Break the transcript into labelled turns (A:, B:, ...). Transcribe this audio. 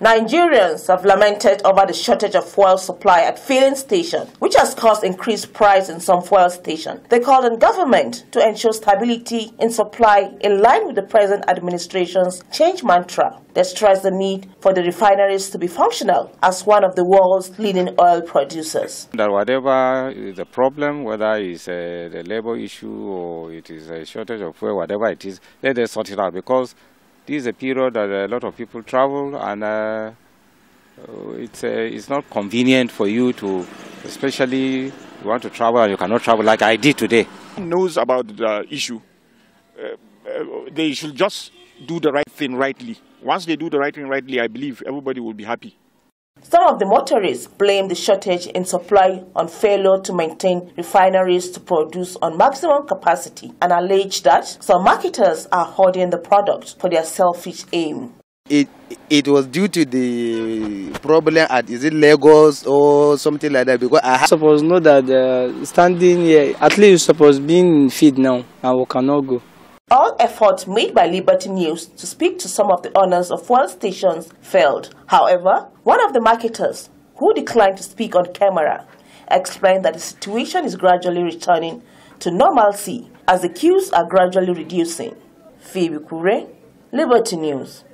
A: Nigerians have lamented over the shortage of fuel supply at filling stations, which has caused increased price in some fuel stations. They called on government to ensure stability in supply in line with the present administration's change mantra. They stressed the need for the refineries to be functional as one of the world's leading oil producers.
B: That whatever the problem, whether it's uh, the labor issue or it is a shortage of fuel, whatever it is, let them sort it out because this is a period that a lot of people travel and uh, it's, uh, it's not convenient for you to, especially you want to travel and you cannot travel like I did today.
C: knows about the issue. Uh, uh, they should just do the right thing rightly. Once they do the right thing rightly, I believe everybody will be happy.
A: Some of the motorists blame the shortage in supply on failure to maintain refineries to produce on maximum capacity and allege that some marketers are hoarding the product for their selfish aim.
D: It, it was due to the problem at is it Lagos or something like that because I suppose know that uh, standing here at least suppose being feed now and we cannot go.
A: All efforts made by Liberty News to speak to some of the owners of fuel stations failed. However, one of the marketers, who declined to speak on camera, explained that the situation is gradually returning to normalcy as the queues are gradually reducing. Phoebe Kure, Liberty News.